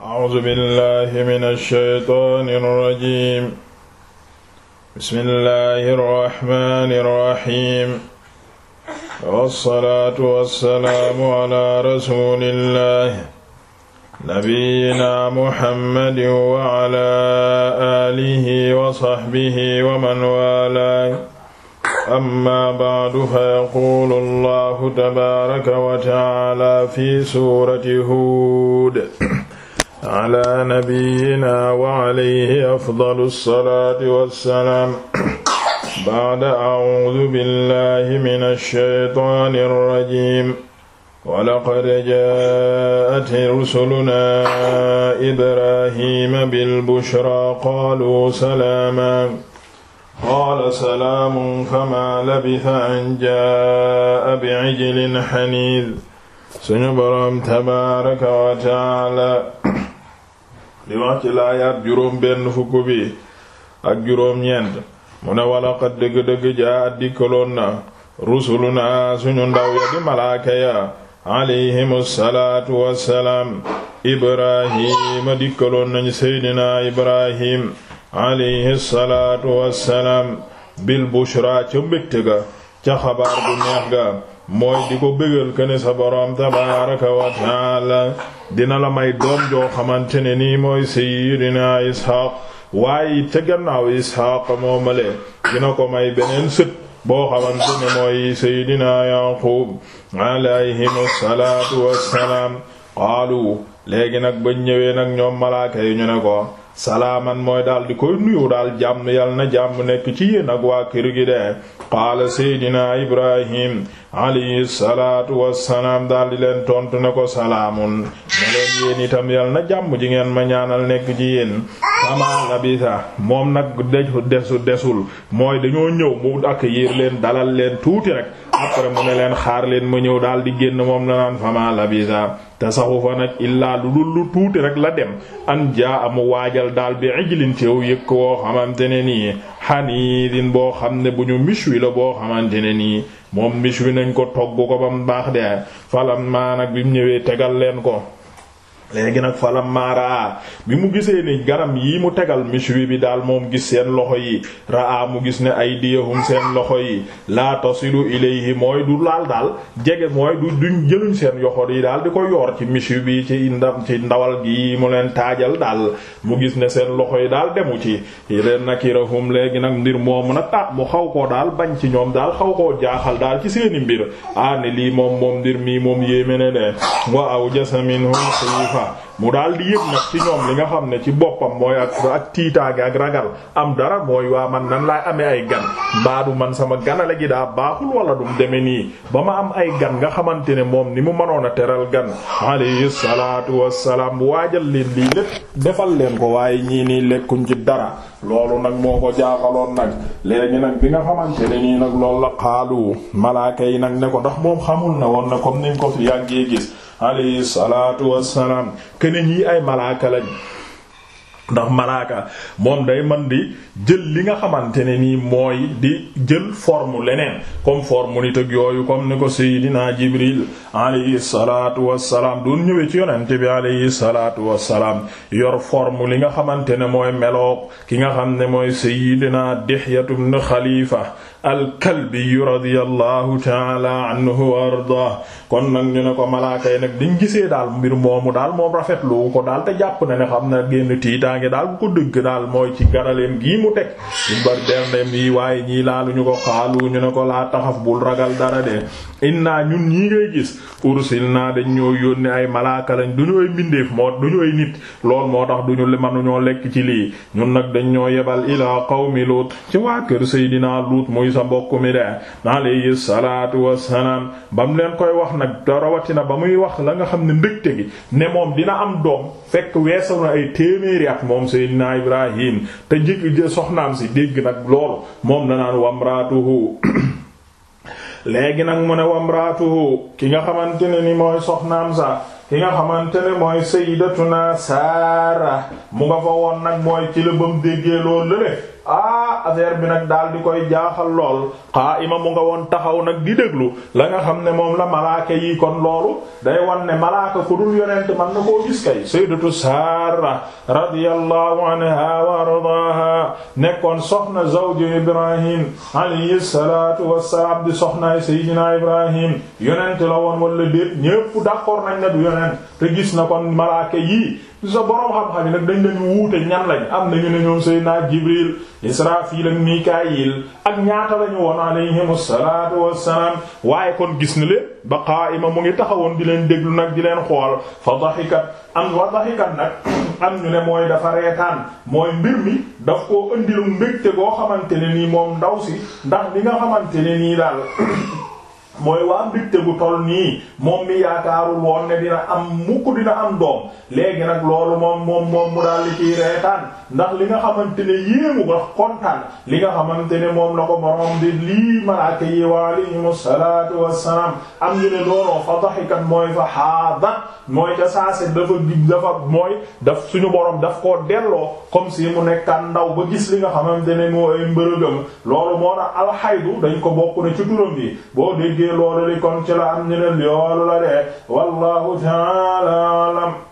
A'uuzu billaahi mina shaytaani rajiim. Bismillaahi rahmaani rahiim. Wassalaatu wassalaamu alaa rasuulillaahi. Nabiyyinaa Muhammadin wa alaa aalihi wa sahbihi wa man waalaahu. Ammaa ba'du fayaquulu Allaahu tabaaraka wa ta'aalaa fi suurati Huud. ala nabiyyina wa alayhi afdalu salaati wa salaam ba'da a'uudu billahi mina shaytaani rajiim wa laqad jaa'at rusulunaa Ibraahiima bil bushraa qaaluu salaaman qaala salaamun famaa labisa an jaa'a bi'ijlin haniid suñu boroom tabaaraka wa ta'aala di wax ci laayaat juróom benn fukk bi ak juróom ñeent mu ne walaqad dëgg-dëgg jaa at dikkaloon na rusuluna suñu ndaw ya di malaaka ya alayhimu salaatu wassalaam ibrahima dikkaloon nañ seydina ibrahim alayhi salaatu wassalaam bil bushra ca mbégte ga ca xabaar bu neex ga mooy di ko bégal que sa boroom tabaaraka wa dina la may doom joo xamante ne nii mooy sayyidina Isxaaq waaye ca gannaaw Isxaaq moomale dina ko may beneen sët boo xamante ne mooy sayyidina Yaaqub alayhim salaatu wassalaam qaalu léegi nag ba ñëwee nag ñoom malaaka yi ñu ne ko salaaman mooy daal di koy nuyu daal jàmm yal na jàmm nekk ci yéen ak waa kër qaala seydina ibrahim alayhi salaatu wassalaam daal di leen tontu ne ko salaamun ne leen yéen yal na jàmm ji ngeen ma ñaanal nekk ci yéen kamaa labisa moom nag desu desu desul mooy dañoo ñëw mu ak yéer leen dalal leen tuuti rek après mu ne leen xaar leen ma ñëw daal di génn moom la naan fama labisa te saxu fa nag illaa lu dul lu tuuti rek la dem an jaa amu waajal daal bi ijlin teew yëg woo xamante ne nii xaniidin boo xam ne bu ñu mish wi la boo xamante ne nii moom Bishr nañ ko togg ko ba mu baax de falam maa bi mu ñëwee tegal leen ko léegi nag falam maara bi mu gisee ni garam yi mu tegal mishwi bi daal moom gis seen loxo yi raa mu gis ne ay diyahum seen loxo yi laa tasilu ilayhi mooy du laal daal jege du duñ seen yoxor yi daal di ko yor ci mishwi bi ci ndam ci ndawal gi mu leen taajal daal mu gis ne seen loxo yi daal demu ci leen nakirahum léegi nag mbir moomu nag ah mu xaw koo daal bañ ci ñoom daal xaw koo jaaxal daal ci seeni mbir ah ne lii moom moom mbir mii moom yéeme ne de wa awjasa minhum xasaa mu daal di nag ci ñoom li nga xam ne ci boppam mooy ak ak tiitaange ak ragal am dara mooy waa man nan laay amee ay gan baadu man sama ganale gi daa baaxul wala dum demee nii ba ma am ay gan nga xamante ne moom ni mu mënoon a teral gan alayhi salaatu wassalaam waajal leen lii lépp defal leen ko waaye ñii nii lekkuñ ci dara loolu nag moo ko jaaxaloon nag léegi nag bi nga xamante ne nii nag loolu la xaalu malaaka yi nag ne ko ndax moom xamul na woon ne comme niñ ko fi yàggee alayhi salaatu wassalaam kene ñii ay malaaka lañ ndax malaaka moom day man di jël li nga xamante ne nii mooy di jël forme leneen comme forme nit ak yooyu comme ni ko Seydina Jibril alayhi salaatu wassalaam doon ñëwee ci yonente bi alayhi salaatu wassalaam yor forme li nga xamante ne mooy meloog ki nga xam ne mooy Seydina Dihyatu ibn Xalifa alkalbiyu radiyallahu taala anhu wa ardah kon nag ñu ne ko malaaka yi nag diñ gisee daal mbir moomu daal moom rafetlu ko daal te jàpp na ne xam na génn tiitaange daal bu ko dëgg daal mooy ci garaleem gii mu teg ci bar derneem yi waaye ñii laalu ñu ko xaalu ñu ne ko laa taxaf bul ragal dara de inna ñun ñii ngay gis ursil naa dañ ñoo yónni ay malaaka lañ du ñu ay mbindeef moo du ñu ay nit lool moo tax du ñu mënuñoo lekk ci lii ñun nag dañ ñoo yebal muy sa mbokk mi de alayhi salaatu ba mu leen koy wax nag rawatina ba muy wax la nga xam ne ndëgte gi ne moom dina am doom fekk weesaw na ay téeméeri at moom Seydina Ibrahim te jig soxnaam si dégg nag loolu moom la naan wamraatuhu léegi nag mu ne wamraatuhu ki nga xamante ne ni mooy soxnaam sa ki nga xamante ne mooy sayyidatuna Saara mu nga fa woon nag mooy ci la bam déggee loolu le ah affaire bi nag daal di koy jaaxal lool qaa'ima mu nga woon taxaw nag di déglu la nga xam ne moom la malaaka yi kon loolu day wan ne malaaka ku dul yonent man na koo gis kay sayyidatu Saara radiyallahu anha wa ardaaha nekkoon soxna zawju Ibrahim alayhi salaatu wassalaam yonent la woon wala déet ñépp d'accord nañ ne du yonent te gis na kon malaaka yi sa boroom xam-xam yi nag dañ leen wuute ñan lañ am nañu ne ñoom Seydina Jibril Israfil ak Mikaayil ak ñaata lañu woon alayhimu salaatu wassalaam waaye kon gis na leen ba qaa'ima mu ngi taxawoon di leen déglu nag di leen xool fa daxikat am wa daxikat nag am ñu ne mooy dafa reetaan mooy mbir mi daf koo ëndilu mbégte boo xamante ne nii moom ndaw si ndax li nga xamante ne nii daal mooy waa mbégte bu toll nii moom mi yaakaarul woon ne dina am ko dina am doom léegi nag loolu moom moom mu daal li ciy reetaan ndax li nga xamante ne yéemu nga kontaan li nga xamante ne moom la ko borom di lii malaaka yi wa alayhimu salaatu wassalaam am ñu ne doonoo fa daxikat mooy fa xaadat mooy ca saase dafa dig dafa mooy daf suñu borom daf koo delloo comme si mu nekkaan ndaw ba gis li nga xamante ne moo ay mbërëgëm loolu moo tax alxaydu dañ ko bokk ci turam bi déggee loolu li kon ci la am ñu ne loolu la de wallahu ta'ala alam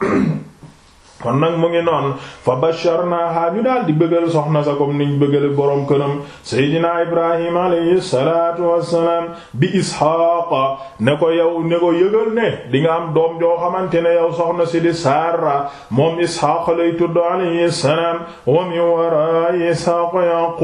kon nag mu ngi noon fa basharnaha ñu daal di bëggal soxna sa ko niñ bëggale boroom këram seydina ibrahim alayhi salatu wassalaam bi ishaqa ne ko yow ne ko yëgal ne di nga am doom joo xamante ne yow soxna si di sarra moom ishaqa lay tudd alayhi salaam wa min wara'i ishaqa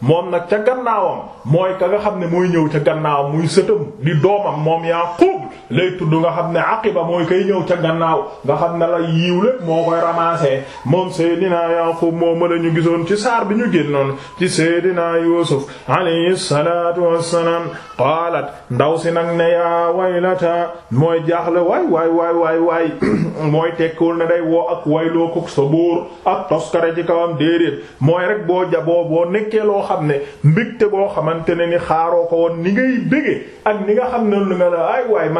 moom nag ca gannaawam mooy ka nga xam ne mooy ñëw ca gannaawam muy sëtam di doomam moom yaqub lay tudd nga xam ne aqiba mooy kay ñëw ca gannaaw nga xam ne la yiiw lépp moo koy ramasser moom Seydina moo moom a ñu gisoon ci saar bi ñu génnoon ci Seydina Yuusuf alayhi salaatu wassalaam qaalat ndaw si nag ne yaa waylata mooy jaaxle waay waay waay waay waay mooy tekkul ne day woo ak wayloo ko sa buur ak toskare ci kawam déedéet mooy rek boo jaboo boo nekkee loo xam ne mbégte boo xamante ne ni xaaroo ko woon ni ngay bége ak ni nga xam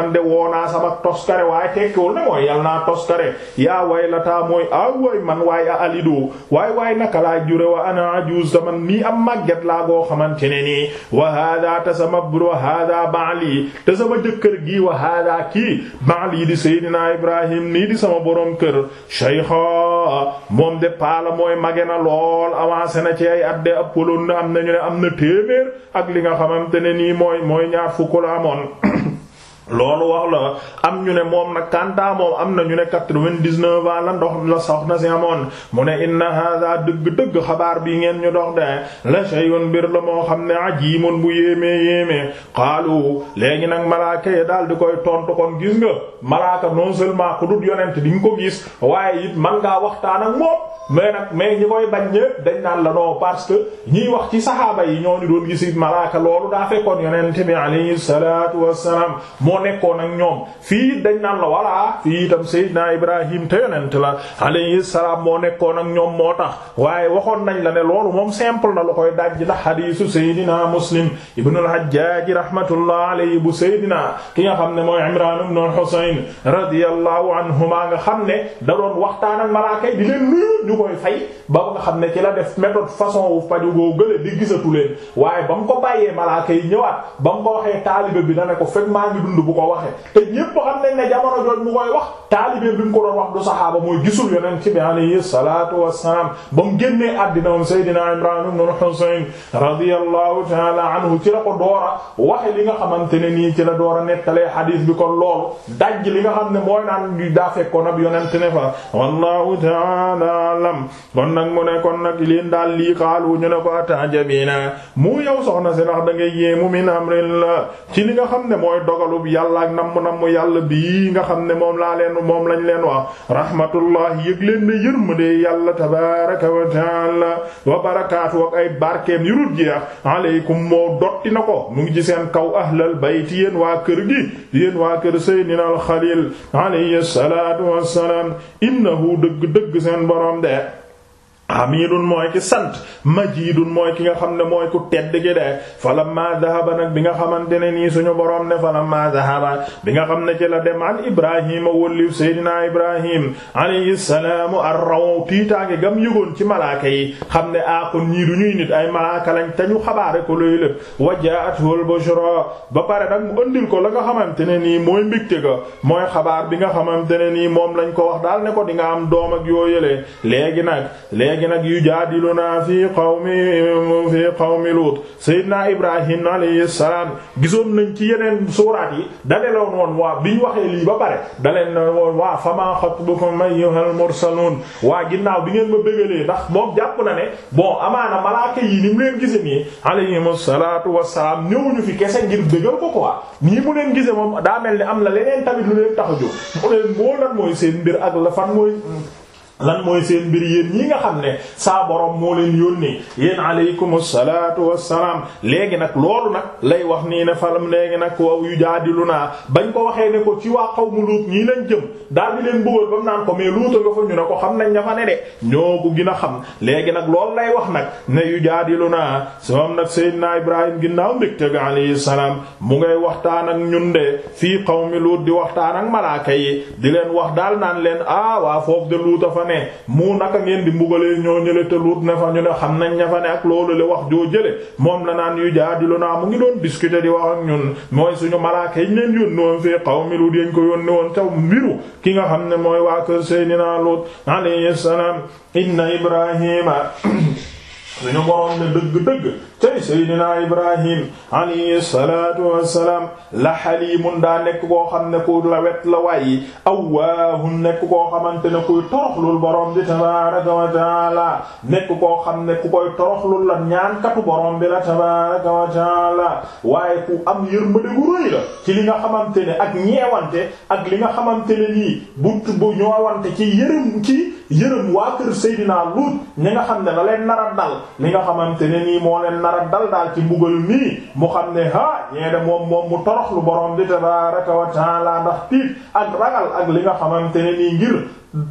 man de woonaa sama toskare waaye tekkiwul ne mooy yal naa toskare yaa way lataa mooy a ah way man waay a alidoo waay waay naka laa jure wa ana ajuz zaman nii am màgget laa goo xamante ne nii wa hada te sama bro hada baali te sama jëkkër gi wa hada kii baali di seydina ibrahim nii di sama borom kër shaykha moom de paala mooy mage na lool avancé na ci ay adde apolon na am ne am na téeméer ak li nga xamante ne nii mooy ñaar fukk loolu wax la am ñu ne moom nag kanta moom am na ñu ne quatre-vingt-dix-neuf ans la ndox la soxna si amoon mu ne inna hada dëgg-dëgg xabaar bi ngeen ñu dox de la shay'un mbir la moo xam ne ajimun bu yéemee yéemee xaalu léegi nag malaaka yi daal di koy tontu kon gis nga malaaka non seulement ku dut yonent di nga ko gis waaye it man ngaa waxtaan ak moom mais nag mais ñi koy bañ ñépp dañ naan la non parce que ñiy wax ci saxaaba yi ñoo ni doon gisi malaaka loolu daa fekkoon yonent bi alayhi salaatu wassalaam moo nekkoon ak ñoom fii dañ naan la walla fii itam Seydina Ibrahim te yonent la alayhi salaam moo nekkoon ak ñoom moo tax waaye waxoon nañ la ne loolu moom simple na lu koy dajj ndax hadiisu Seydina Muslim ibn al-Hajjaj rahmatullah alayhi bu Seydina ki nga xam ne mooy Imran ibn al-Husayn radiyallahu anhuma nga xam ne da doon waxtaan ak malaaka yi di leen nuyu ñu koy fay ba nga xam ne ci la def méthode façon wu faju goo gële di gisatu leen waaye ba mu ko bàyyee malaaka yi ñëwaat ba mu ko waxee taalibe bi na ne ko fekk maa ngi dund bu ko waxee te ñépp xam nañ ne jamono jooju mu koy wax taalibe bi mu ko doon wax du saxaaba mooy gisul yonent ci bi alayhi salaatu wassalaam ba mu génnee àddina woon Seydina Imraan ibn Husayn radiyallahu ta'ala anhu ci la ko doora waxe li nga xamante ne nii ci la doora nettalee xadiis bi kon loolu daj li nga xam ne mooy naan daa fekkoon ab yonent ne fa wallahu ta'ala sallam nag mu ne kon nag leen daal lii xaalu ñu ne ko atajabina mu yow soxna si ndax da ngay yéemu min amrillah ci li nga xam ne mooy dogalub yàlla ak nam nam yàlla bii nga xam ne moom laa leen moom lañ leen wax rahmatullah yëg leen ne yërmande yàlla tabaraka wa taala wa barakaatu ak ay barkeem yu dul jeex aleykum moo dotti na ko mu ngi ci seen kaw ahlal bayt yéen waa kër gi yéen waa kër sayyidina al xalil alayhi salaatu wassalaam innahu dëgg dëgg seen aaya hamidun mooy ki sant majidun mooy ki nga xam ne mooy ku tedd gi de falamma dahaba nag bi nga xamante ne nii suñu borom ne falamma dahaba bi nga xam ne ci la dem an ibrahima wólliw seydina ibrahim alayhi salaam arraw tiitaange gam yëgoon ci malaaka yi xam ne aakon ah, ñii du ñuy nit ay malaaka lañ te ñu xabaare ko loyu lépp wa ja'atul bushra ba pare nag mu ëndil ko la nga xamante ne nii mooy mbigte ko mooy xabaar bi nga xamante ne nii moom lañ ko wax daal ko di nga am doom ak yoo yëlee léegi nag yu jaadiluna fi qawmi fi qawmi Luut Seydina Ibrahim alayhi salaam gisoon nañ ci yeneen suuraat yi daleloon woon waa bi ñu waxee lii ba pare daleen woon waa famaa xatbukum ayyuhal mursaluun waa ginnaaw bi ngeen ma bégalee ndax moom jàpp na ne bon amaana malaaka yi ni mu leen gise nii alayhimu salaatu wassalaam ñëwuñu fi kese ngir dëggal ko quoi nii mu leen gise moom daa mel ni am na leneen tamit lu leen tax a mu leen moo lan mooy seen ak la fan mooy lan mooy seen mbir yéen ñi nga xam ne saa borom moo leen yónni yéen aleykum salaatu wassalaam léegi nag loolu nag lay wax nii ne falam léegi nag waw yu jaadilu naa bañ ko waxee ne ko ci waa qawmu Luut ñii lañ jëm daal di leen bëggoon ba mu naan ko mais luuta nga fa ñu ne ko xam nañ dafa ne de ñoo ko gina xam léegi nag loolu lay wax nag ne yu jaadilu naa soom nag Seydina Ibrahim ginnaaw mbégte bi alayhi salaam mu ngay waxtaan ak ñun de fii qawmi Luut di waxtaan ak malaaka di leen wax daal naan ah, fa ne mu naka ngeen di mbugalee ñoo ñële te luut ne fa ñu ne xam nañ ña fa ne ak loolu le wax joo jële moom la naan yu jaadilu naa mu ngi doon discuter di wax ak ñun mooy suñu malaaka yi leen yónni woon fii qawmi Luut yañ ko yónni woon taw mbiru ki nga xam ne mooy waa kër naa Luut alayhi salaam inna Ibrahima suñu boroom ne dëgg-dëgg tey Seydina Ibrahim alayhi salaatu wassalaam la xaliimun daa nekk koo xam ne ku la wet la waayi awwaahun nekk koo xamante ne kuy toroxlul boroom bi tabaaraka wa nekk koo xam ne ku koy toroxlul la ñaankatu boroom bi la tabaaraka wa taala waaye ku am yërmande gu la ci li nga xamante ne ak ñeewante ak li nga xamante ne ni but bu ñoowante ci yërëm ci yërëm waa kër Seydina Luut ñi nga xam ne la leen nara dal li nga xamante ne nii moo leen nar a dal daal ci mbugal nii mu xam ne ha ñee moom moom mu toroxlu borom di tabaaraka wa taala ndax tiit ak ragal ak li nga xamante ne nii ngir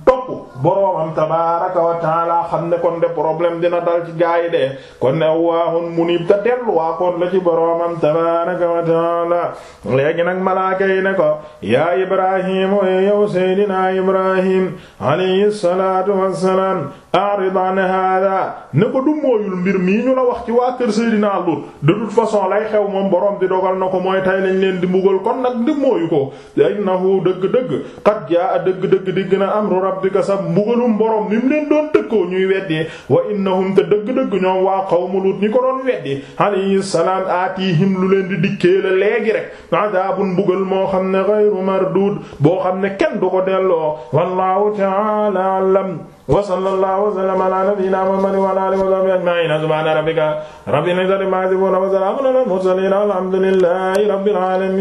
topp boroomam tabaaraka wa taala xam ne kon de problème dina dal ci gaay de kon ne waahun munib ta delluwaa kon la ci boroomam tabaaraka wa taala léegi nag malaaka yi ne ko yaa ibrahimu yow seydina ibrahim alayhi salaatu wassalaam a'rid an hada ne ko du mooyul mbir mii ñu wax ci waa kër seydina Lut de toute lay xew moom boroom di dogal na ko mooy tay lañ leen di mbugal kon nag di mooyu ko innahu dëgg-dëgg qad jaa dëgg-dëgg qahru rabbika sa mbugalum borom ni mu leen doon dëkkoo ñuy weddee wa innahum te dëgg-dëgg ñoom waa qawmu Lut ñi ko doon weddi alayhi salaam aatihim lu leen di dikkee la léegi rek adaabun mbugal moo xam ne ghayru mardud boo xam ne kenn du ko delloo wallahu ta'ala a'lam wa sallallahu wa sallama ala nabiyyina muhammadin wa ala alihi wa sahbihi ajma'in subhana rabbika rabbil izzati amma yasifun wa salamun ala al mursalin walhamdulillahi rabbil alamin